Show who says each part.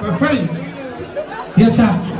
Speaker 1: ba fay.
Speaker 2: yasa